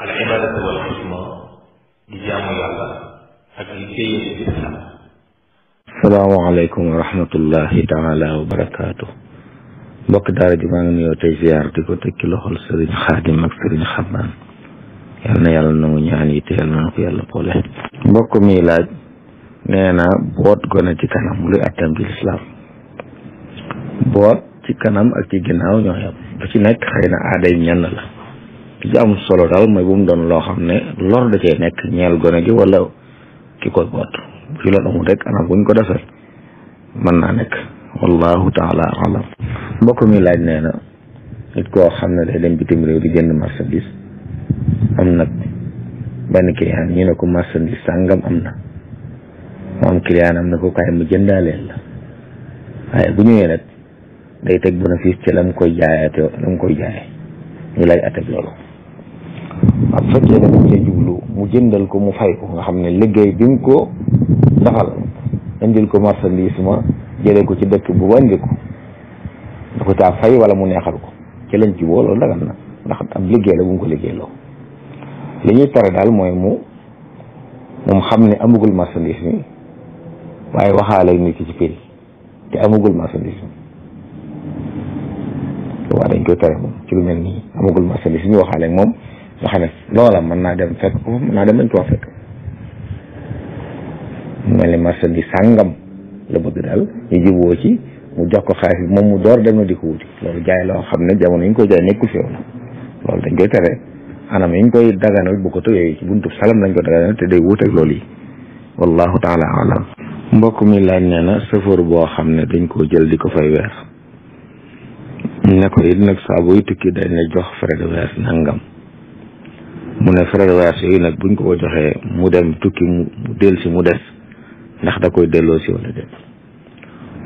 al ibadatu wal xidma di jaamu yàlla ak di téye ci islam salaamaaleykum wa rahmatullahi taala wa barakaatu mbokk daara ji maa ngi nuyoo tey ziar di ko tekki loxol sëriñ xaadim ak sëriñ xamaan yal na yàlla nangu ñaan yi te yal na ko yàlla boole mbokk mi laaj nee na boot gone ci kanam luy attam ci lislaam boot ci kanam ak ci ginnaaw ñoo yam bu ci nekk xëy na aaday ñenn la li am solo daal mooy bu mu doon loo xam ne lor da cee nekk ñeel gone gi wala ki koy boot fi loolu rek anam buñ ko defee mën naa nekk wallahu taala alam mbokk mi laaj nee na nit koo xam ne day dem bitim réew di jënd marchandise am nag benn client ñu ne ko marchandise na moom client am na mu jëndaaleel la bu ñëwee nag day teg bénéfice ci la mu koy jaayaatee la mu koy jaayee ñu lay ateg loolu ak fekkee ne mu jëndal ko mu fay ko nga xam ne liggéey bi mu ko defal indil ko marchandise ma jëlee ko ci dëkk bu wandi ko da ko caa fay wala mu neexal ko ci lañ ci ndax liggéey la bu ko liggéey loo li daal mooy mu moom xam ne amugul marchandise mi waaye waxaale nit ci prix te amugul marchandise mi waaw dañ koy tere moom ci lu mel nii amugul marchandise mi waxaale moom nga xam ne loola mën naa dem fekk ko mën naa dem bañ koo fekk mel ni marchandise sàngam la bëgg daal ñu juboo ci mu jox ko xaalis moom mu door dem na di ko wuti loolu jaay loo xam ne jamono yi ñu koy jaay fi yow dañ koy tere anam yi ñu koy daganal bu ko tëyee ci buntu salam lañ ko daganal te day wuuteeg loolu yi wallahu taala alam mbokk mi laaj na sëfër boo xam ne dañ koo jël di ko fay weer ne ko it nag saa tukki dañ la jox frais de weer nangam mu ne frais de voyage yooyu nag buñ ko ko joxee mu dem tukki mu del si mu des ndax da koy delloo si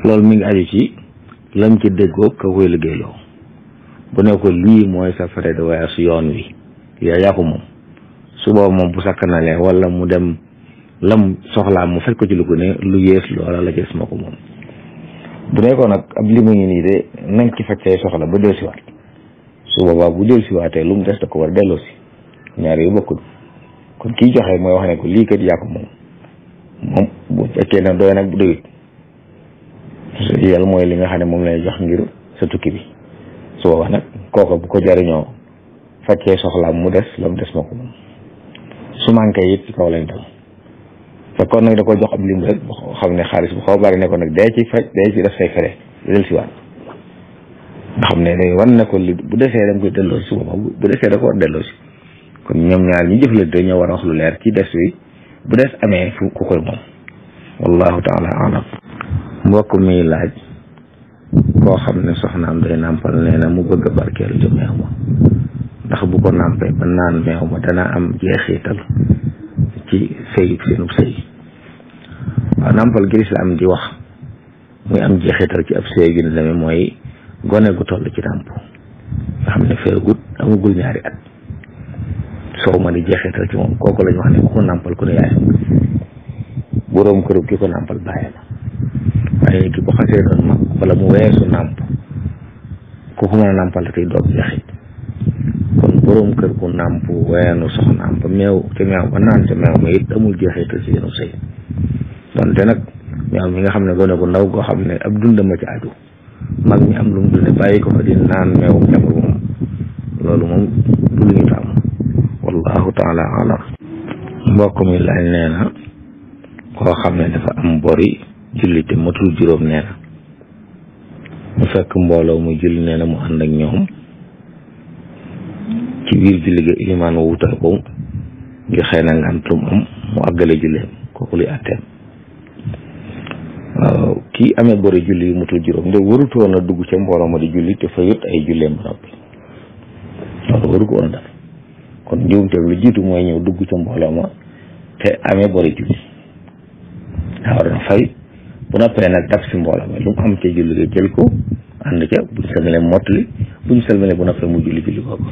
mi ngi aju ci lam ci déggoo ka koy liggéeyloo bu ne lii mooy sa frais de yoon wi yaa yaa ko su boobu moom bu sakkanalee wala mu dem lam soxlaa mu fekk ci lu ko ne lu yées loola la gis ma ko moom bu nag ab li mu ngi nii de nang ci faj say soxla ba dellusiwaat su boobaa bu lu mu des da ko war a delloosi ñaar yu bokkul kon kiy joxe mooy wax ne ko lii kat yaa ko moom moom bu fekkee ne doy nag bu doyut yàlla mooy li nga xam ne moom lay jox ngir sa tukki bi su boobaa nag kooka bu ko jariñoo fekkee soxlaam mu des la mu des moo ko moom su manqué it ci kaw lañ dal fekkoon nag da ko jox ab lim rek boo xam ne xaalis bu xaw bari ne ko nag day ci faj day ci def say fere del si waat nga xam ne day wan ne ko li bu desee da koy delloo si boobaa bu desee da ko war delloo si kon ñoom ñaar ñi jëflante ñoo war a wax lu leer ci des wi bu des amee fu ku koy moom wallahu taala alam mbokk mi laaj koo xam ne soxnaam day nàmpal nee na mu bëgg a barkeelu meew ma ndax bu ko nàmpee ba naan meew dana am jeexital ci nàmpal gi lislaam di wax muy am jeexital ci ab sëy gi ne demee mooy gone gu toll ci nàmp nga xam ne feegut amagul ñaari at soow ma di jeexital ci moom kooku lañ wax ne ku ko nàmpal ku ne yaayam boroom këru ki ko nàmpal bàyyi ko wala mu weesu nàmp ku ko mën a nàmpal tey doom jeexit kon boroom kër ku nàmp weenu soxnaam ba meew te meew ba naan te meew ma it amul jeexital ci yenu sëy donte nag meew mi nga xam ne gone gu ndaw goo xam ne ab dundama ci aju mag mi am lu mu dundee bàyyi ko fa di naan meew jamono moom loolu moom du lu ñu tàmm wallahu taala alam mbokk mi laaj nee na koo xam ne dafa am bori julli te matul juróom nee mu fekk mbooloo mu julli nee na mu ànd ak ñoom ci biir julli ga ilimaan wu wutal ko joxe na nga am am mu àggale julleem kooku luy àtteem waaw kii amee bori julli yu matul juróom nde warutoon dugg ca mbooloo ma di julli te fayut ay julleem ba noppi loolu waru kon njuumteeg lu jiitu mooy ñëw dugg ca mbooloo ma te amee bori julli daa war a fay bu noppee nag dab si mbooloo ma lu mu am ca julli ko ànd ca buñ sëlmale mottali buñ sëlmale bu noppee mu julli julli boobu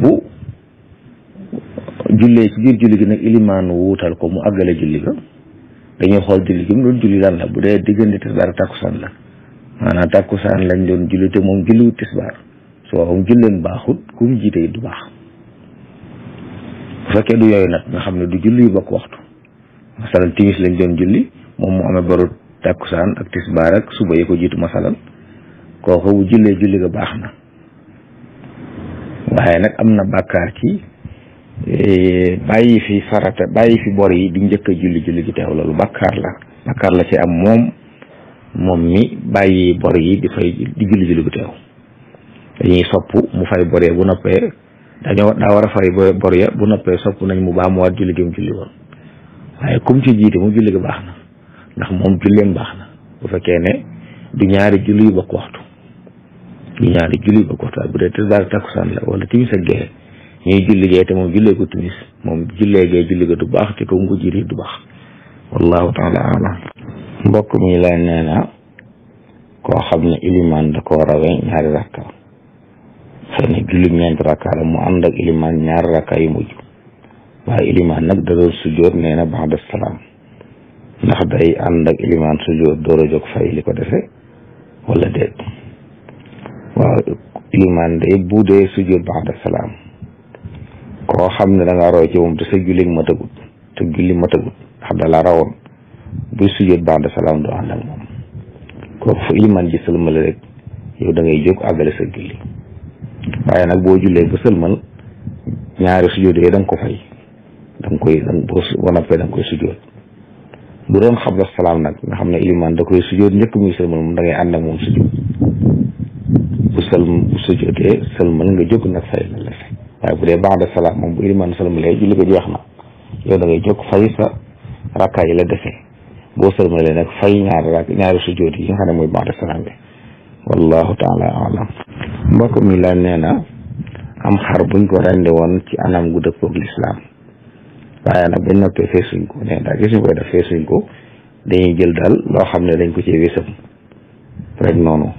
bu julli gi nag ilimaan wuutal ko mu àggale julli ga dañuy xool julli gi lan la bu dee diggante tisbaar takkusaan la maanaam takkusaan lañ doon julli te moom julliwut tisbaar waaw julleen baaxut ku mu jiite du baax bu fekkee du yooyu nag nga xam ne du julli yu bokk waxtu masalan timis lañ doon julli moom mu amee baru tàkkusaan ak tisbaar ak suba yi ko jiitu masalan kooku bu jullee julli ga baax na waaye nag am na bàkkaar ci e, bàyyi fi farata bàyyi fi bor yi di njëkk a julli julli gi teew loolu bàkkaar la bàkkaar la ci am moom moom mi bàyyi bor yi di di julli julli gi teew dañuy sopp mu fay bor bu noppee dañoo daa war a fay bor bu noppee sopp nañ mu baa mu waat julli gi mu julli woon waaye kum ci jiite mu julli gi baax na ndax moom julleem baax na bu fekkee ne du ñaari julli yu bokk waxtu du ñaari julli yu bokk waxtu waaye bu dee tisbaar takkusaan la wala timis ak gee ñuy julli gee te moom jullee ko julli ga du baax te ko mu ko jiite du baax wallahu taala alam mbokk mi la nee koo xam ne ilimaan da koo rawe xëy na julli ñeenti rakka la mu ànd ak ilimaan ñaar rakka yu mujj waaye ilimaan nag da doon sujjoot nee na ba'da salaam ndax day ànd ak ilimaan door a jóg fay li ko defee wala déet waaw ilimaan day bu dee sujjoot ba'da salaam koo xam ne da ngaa ci moom te sa julli matagut te julli la rawoon buy sujjoot ba'da salaam du ànd ak moom kooku fu ilimaan ji sëlmale rek yow da ngay jóg sa julli. waaye nag boo jullee ba sëlmal ñaari sujjóot yooyu da nga ko fay da nga koy boo boo noppee da nga koy sujjóot bu doon xabla salaam nag nga xam ne ilimaan da koy sujjóot njëkk muy sëlmal moom da ngay ànd ak moom sujjóot bu sël bu sëlmal nga jóg nag fay la la fay waaye bu dee ba'da moom bu ilimaan sëlmalee julli ko jeex na yow da ngay jóg fay sa rakkaa yi la defee boo sëlmalee nag fay ñaari rakk ñaari sujjóot yi nga xam ne mooy ba'da salaam bi wallahu taala alam mbokk mi la nee na am xar buñ ko rendi woon ci anam gu dëppoog lislaam waaye nag buñ noppee feesuñ ko nee gis ñu koy def feesuñ ko dañuy jël daal loo xam ne dañ ko ci wésam rek noonu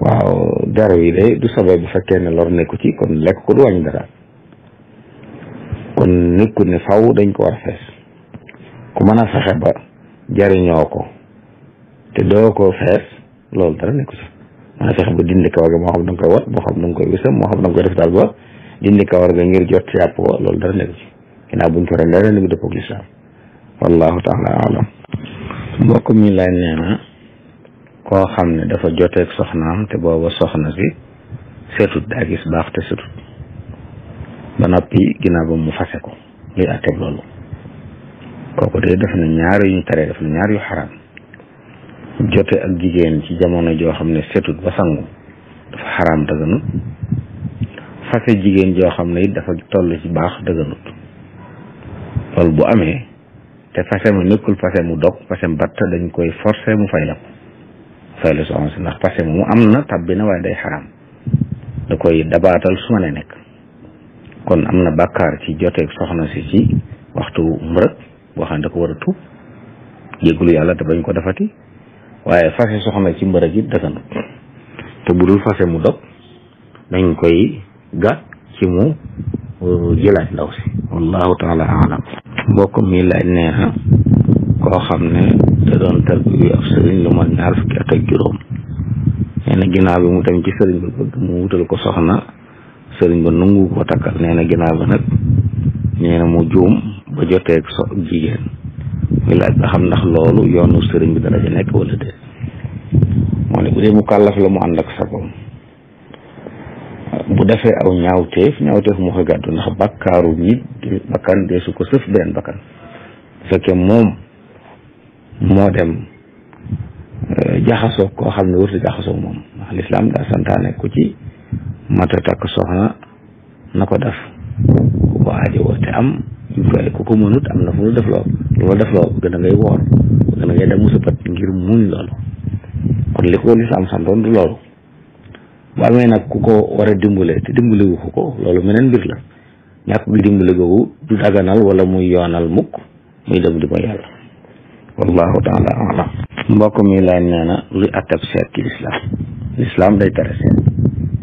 waaw dara wi bu fekkee ne lor nekku ci kon lekk ko du wàññi dara kon nekku ne faw dañ ko war a fees ku mën fexe ba jariñoo ko te doo ko fees loolu dara nekku ci danga fexe ba dindi kawar ga moo da nga koy wat moo xam da koy wisam moo xam da nga koy def daal ba dindi kawar ga ngir jot ci yàpp wa loolu dara nekk ci ginnaaw buñ ko ren dara lu ngi dëppoog lislaam wallahu taala alam mbokk mi laaj nee na koo xam ne dafa joteeg soxnaam te booba soxna si seetut daa gis baax te seetut ba noppi ginnaaw ba mu fase ko luy àtteeg loolu kooku de def na ñaar yu ñu taree def na ñaar yu xaraam jote ak jigéen ci jamono joo xam ne setut ba sangu dafa xaraam dëgganut fase jigéen joo xam ne it dafa toll ci baax dëgganut loolu bu amee te fase mu nekkul fase mu dog fase mu koy forcer mu fay la ko fay la soxna si ndax fase mu am na tabbi na waaye day xaraam da koy dabaatal su ma ne nekk kon am na bàkkaar ci joteeg soxna si ci waxtu mbërëg boo xam ne da ko war a tuub yàlla te bañ ko defati waaye fase soxna ci mbërëg yi daganut te bu dul fase mu dog dañ koy gàtt ci mu euh, jëlaat ndaw si wallahu taala alam mbokk mi laaj nee koo xam ne da doon tarbiyu ab sëriñ lu mat ñaar fukki at ak juróom nee na bi mu dem ci sëriñ ba bëgg mu wutal ko soxna sëriñ ba nungu ko takkal nee na ginnaaw nag nee mu juum ba joteeg so jigéen muy laaj ba xam ndax loolu yoonu sëriñ bi dara ja nekk wala déet moo ne bu dee mu kàllaf la mu ànd ak sagoom bu defee aw ñaawteef ñaawteef moo koy gàddu ndax bakkaaru nit bakkan dee su ko sëf beneen bakkan fekkee moom moo dem euh, jaxasoo koo xam ne wërta jaxasoo moom ndax lislaam daa santaane ku ci mata takk soxna na ko def bu ko aajowoo te am ku ko mënut am na fu mu def loo loolu def loo gën a ngay woor gën a ngay dem musa pat ngir muñ loolu kon li ko lislaam santoon du loolu bu amee nag ku ko war a dimbale te dimbale wu ko ko loolu meneen mbir la ñàkk gi dimbale googu du daganal wala muy yoonal mukk muy dem di ma yàlla wallahu taala alam mbokk mi laaj nee na luy attab seet ci lislaam lislaam day tere seet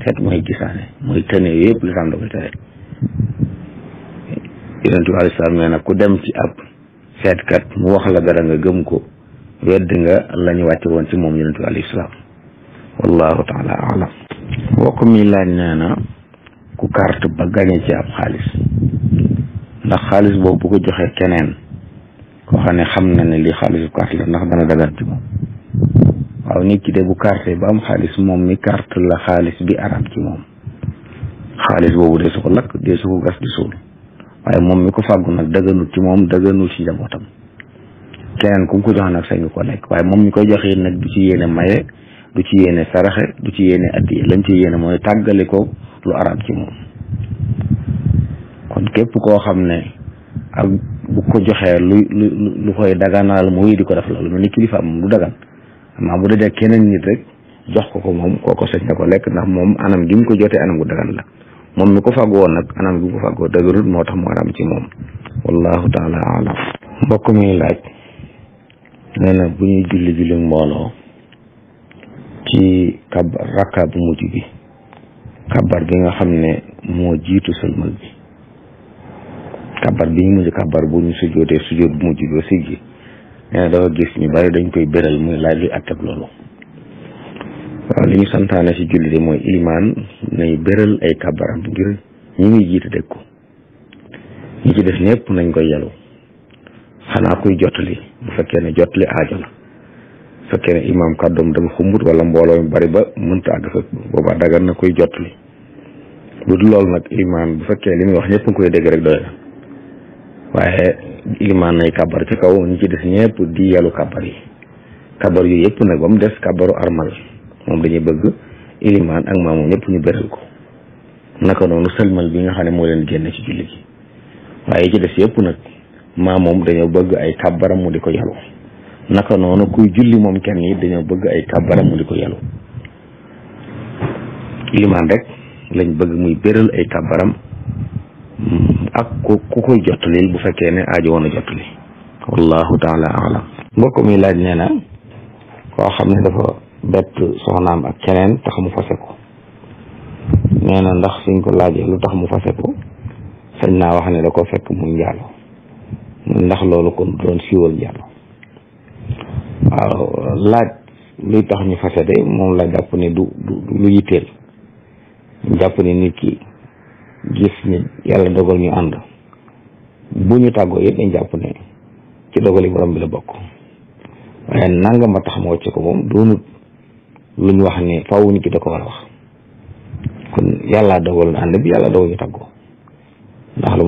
seet mooy gisaane mooy tënee yëpp lislaam da koy yonent bi aleyhi salaam nee ku dem ci ab seetkat mu wax la dara nga gëm ko wedd nga la ñu wàcce woon ci moom yonent bi aleyhi salaam wallahu taala alam mbokk mi laaj nee na ku carte ba gañe ci ab xaalis ndax xaalis boobu bu ko joxee keneen koo xam ne xam na ne li xaalisu carte la ndax dana dagan ci moom waaw nit ki de bu carte ba am xaalis moom mi carte la xaalis bi arab ci moom xaalis boobu de su ko lakk de su ko gas di suul waaye moom mi ko fàggu nag dëgganul ci moom dëgganul ci njabootam keneen ku mu ko jox nag sañu ko nekk waaye moom mi koy joxe nag du ci yéene maye du ci yéene saraxe du ci yéene addiye lañ ci yéene mooy tàggale ko lu arab ci képp koo xam ne ak bu ko joxee lu lu lu koy daganaal mu wéy di ko def lu mel ni kilifa moom du dagan amaa bu dee keneen nit rek jox ko ko moom kooko sañ na ko lekk ndax moom anam gi mu ko jotee anam ku dagan la moom mi ko fàggoo nag anam gi ko fàggoo dëgërul moo tax mu araam ci moom wallahu taala alam mbokk mi laaj nee na bu ñuy julli julli mbooloo ci kab rakka bu mujj bi kabar bi nga xam ne moo jiitu sëlmal bi kabar bi ñu mujj kabar bu ñu sujjootee sujjoot bu mujj bi siggi nee na dafa gis ñu bari dañ koy béral muy laaj luy attab loolu waaw li ñu santaane si julli de mooy ilimaan nay bëral ay kabaram ngir ñi muy jiite dégg ko ci def ñépp nañ koy yalu xanaa kuy jottali bu fekkee ne jottali aajo la bu fekkee wala mbooloo mi bari ba mënta àgg na koy jottali bu dul loolu ilimaan bu fekkee li muy wax ñépp nga koy dégg rek doy na waaye ilimaan nay kabar ci kaw ñi ci des ñépp di yalu kabar yi kabar yu yépp nag ba mu des kabaru armal moom dañuy bëgg ilimaan ak maamu ñëpp ñu beral ko naka noonu sëlmal bi nga xam ne moo leen génn ci julli gi waaye ci des yëpp nag maamoom dañoo bëgg ay kàbbaram mu di ko yalu naka noonu kuy julli moom kenn dañoo bëgg ay kàbbaram mu di ko yalu ilimaan rek lañ bëgg muy beral ay kàbbaram ak ku ku koy jottali bu fekkee ne aajo woon a jottali wallahu taala alam mbokk mi laaj nee na koo xam ne dafa bett soxnaam ak keneen tax mu fase ko nee ndax suñ ko laajee lu tax mu fase ko sañ naa wax ne da ko fekk mu njaaloo ndax loolu kon doon siiwal njaaloo waaw laaj luy tax ñu fase de moom la jàpp ne du du yitteel jàpp ne nit ki gis ni yàlla dogal ñu ànd bu ñu tàggoo yëpp dañ jàpp ne ci dogali borom bi la bokk waaye nanga ma tax ma wàcc ko moom doonut lu wax ni faaw nit ki da ko war a wax kon yàlla dogal na ànd bi yàlla dogal ñu tàggoo ndax lu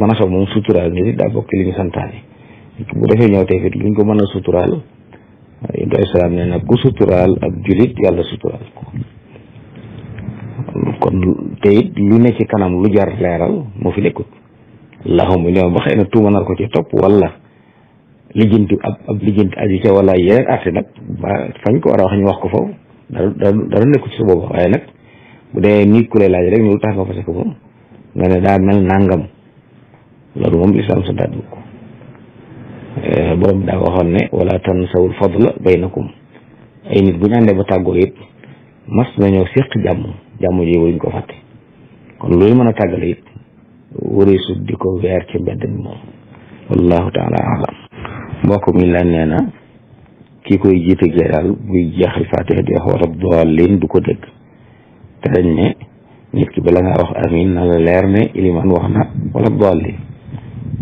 mën a xew moom suturaal nit it daa bokk li ñu santaane bu defee ñëw tey fii luñ ko mën a suturaal Ibrahima na ku ab julit yàlla suturaal kon te it lu ne ci kanam lu jar leeral moo fi nekkut laxaw mu ñëw ba xëy na ko ci topp wala lijjanti ab ab lijjanti aju ca wala yeneen àtte nag ba fañ ko war a wax ñu wax ko foofu. dara dara nekku ci sa boobu waaye nag bu dee nit ku lay laaj rek lu tax nga fase ko moom nga ne daa mel nangam loolu moom lislaam sa daat ko eh, borom daa waxoon ne wala tansawul fadla baynakum ay nit bu ñu àndee ba tàggoo it mas ñëw séq jàmm jàmm ji waruñ ko fàtte kon loolu mën a tàggale it wari sut ko weer ci mbedd mi moom wallahu taala alam mbokk mi la na ki koy jiite jalaal buy jeexal fatiha di wax warab daalin du ko dëgg te dañ ne nit ki bala ngaa wax amin na la leer ne iliman wax na warab daalin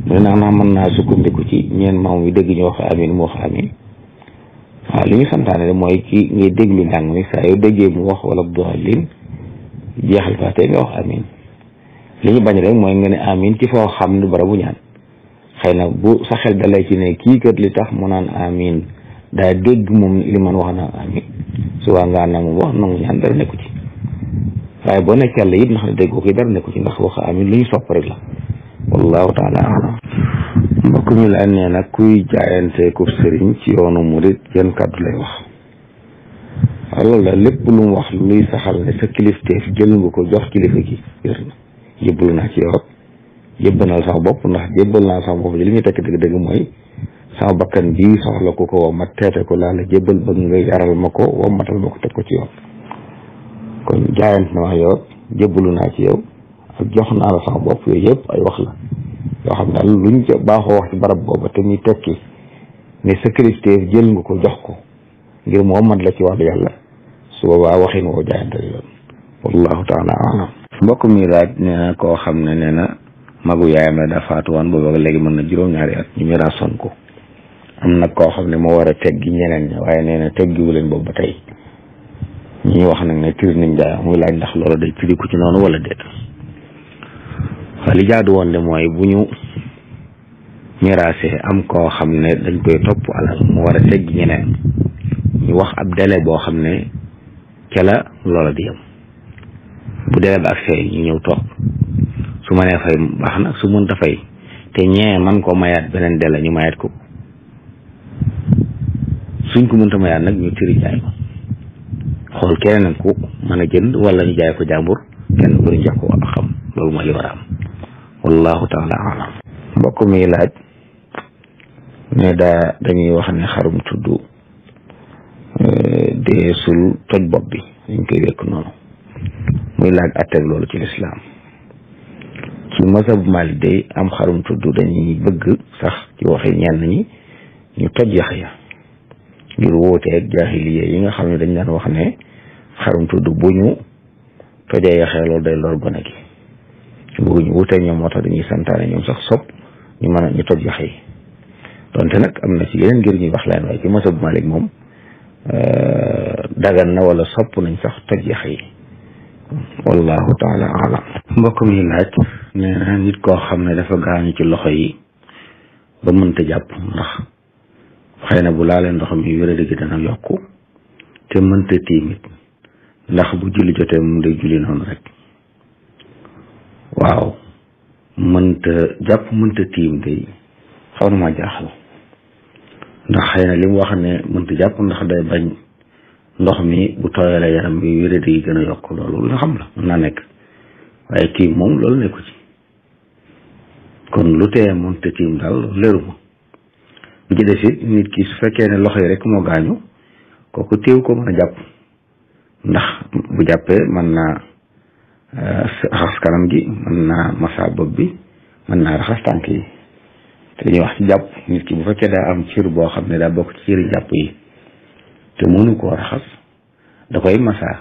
mu ne nag naa mën naa sukkandiku ci ñeen maam yi dégg ñu wax amin mu wax amin waaw li ñu santaane mooy ki ngay déglu njàng mi saa yoo déggee mu wax warab daalin jeexal fatiha nga wax amin li ñu bañ rek mooy nga ne amin ci foo xam ne barabu ñaan xëy na bu sa xel dalay ci ne kii tax mu naan daa dégg moom liman wax na amin su waa ngaa naa moom wax nangu ñaan dara nekku ci waaye boo nekk yàlla it ndax déggoo ko dara nekku ci ndax wax amin lu ñu sopp rek la wallahu la nag kuy jaayante ko ci yoonu murit yan kàddu lay wax lépp lu mu wax luy saxal ne sa kilifteef jël nga ko jox kilifa gi wér na naa ci yow rek jébbanal sax bopp ndax jébbal naa sax bopp ji li tekk dégg dëgg mooy sama bakkan bii soxla ku ko wom ma teete ko laa la jébbal bëgg nga yaral ma ko wom matal ma ko teg ko ci yoon kon jaayant na wax yow jébbalu naa ci yow ak jox naa la sama bopp yooyu yëpp ay wax la yoo xam ne luñ ca baaxoo wax ci barab booba te muy tekki ne sécurité jël nga ko jox ko mu moom man la ci wàllu yàlla su waxin woo jaayante la yoon wallahu taala alam mbokk mi laaj nee koo xam ne nee na magu yaayam la daa faatu woon booba léegi mën na juróom-ñaari ñu miraasoon ko am nag koo xam ne moo war a teggi ñeneen ñi waaye nee na teggiwu leen boobu ba tey ñu wax nag ne tiri nañ jaay muy laaj ndax loolu day tiri ku ci noonu wala déet waaye li jaadu woon de mooy bu ñu miraase am koo xam ne dañ koy topp alal mu war a teggi ñeneen ñu wax ab délai boo xam ne ca la loola di yem bu délai ba ak fee ñu ñëw topp su ma nee fay baax na su mënta fay te ñee man koo mayaat beneen délai ñu mayaat ko suñ ko mënta mayaat nag ñu tiri jaay ko xool keneen ku mën a jënd wala ñu jaay ko jàmbur kenn ku ñu jox ko a xam loolu mooy li war wallahu taala alam mbokk mi laaj ne daa dañuy wax ne xarum tudd e, deesul toj bopp bi dañ koy wékk noonu muy laaj atteg loolu ci lislaam ci masabu Maalik day am xarum tudd dañuy bëgg sax ci waxi ñenn ñi ñu toj yax ya ngir wóoteeg jaahiliya yi nga xam ne dañ daan wax ne xarum tudd bu ñu tojee yaxee loolu day lor gone gi bëgguñu wuuteeg ñoom moo tax dañuy santaane ñoom sax sopp ñu mën a ñu toj yaxe yi donte nag am na ci yeneen ngir ñuy wax leen waaye ci masab Malik moom euh, dagan na wala sopp nañ sax toj yaxe yi wallahu taala alam mbokk mi laaj nee na nit koo xam ne dafa gaañu ci loxo yi ba mënta jàpp ndax xëy na bu laalee ndox mi wéradi gi dana yokku te mënta tiimit ndax bu julli jotee moom day julli noonu rek waaw mënta jàpp mënta tiim day xaw na maa jaaxal ndax xëy na li mu wax ne mënta jàpp ndax day bañ ndox mi bu tooyalee yaram bi wéradi yi gën a yokk loolu nga xam la mën naa nekk waaye tiim moom loolu nekku ci kon lu tee mënta tiim daal leeruma li ci des nit ki su fekkee ne loxo yi rek moo gaañu kooku téew ko mën a jàpp ndax bu jàppee man naa euh, raxas kanam gi mën naa massa bopp bi mën naa yi te wax jàpp nit ki bu fekkee am cir boo xam ne daa bokk ci jàpp yi te mënu koo raxas da koy massa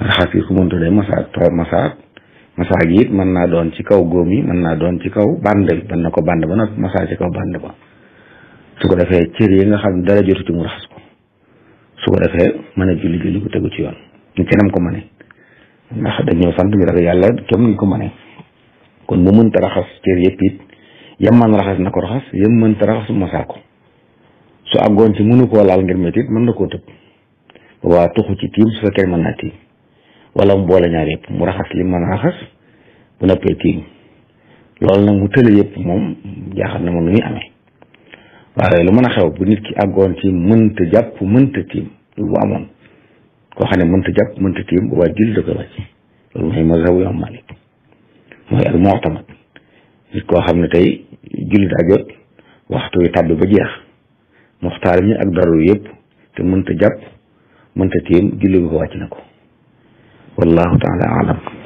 raxas ku mëntu day massa to massa mën naa doon ci kaw góom yi mën naa doon ci kaw bànd bi mën na ko bànd ba noppi massa ci kaw bànd ba su ko defee cër yi nga xam ne dara jotu ci mu raxas ko su ko defee mën a julli julli ko tegu ci yoon ñu kenam ko mëne ndax dañoo sant bi rek yàlla comme ko mëne kon bu mënta raxas cër yëpp it yam man raxas na ko raxas yam mënta raxas mosaa ko su àggoon ci mënu koo laal ngir métit mën na koo tëb waa tuxu ci tiim su fekkee mën naa tiim wala mu boole ñaar yëpp mu raxas li mën a raxas bu noppee tiim loolu nag mu tële yëpp moom jaaxal na moom nu muy amee waaw léegi lu mën a xew bu nit ki àggoon ci mënta jàpp mënta tiim loolu bu amoon koo xam ne mënta jàpp mënta tiim bu baax julli da koy wàcce loolu mooy mazhabu Imaam Malik mooy al mu'tamad nit koo xam ne tey julli daa jot waxtu wi tàbbi ba jeex muxtaar mi ak daru yëpp te mënta jàpp mënta tiim julli bi ko wàcc na ko wallahu taala alam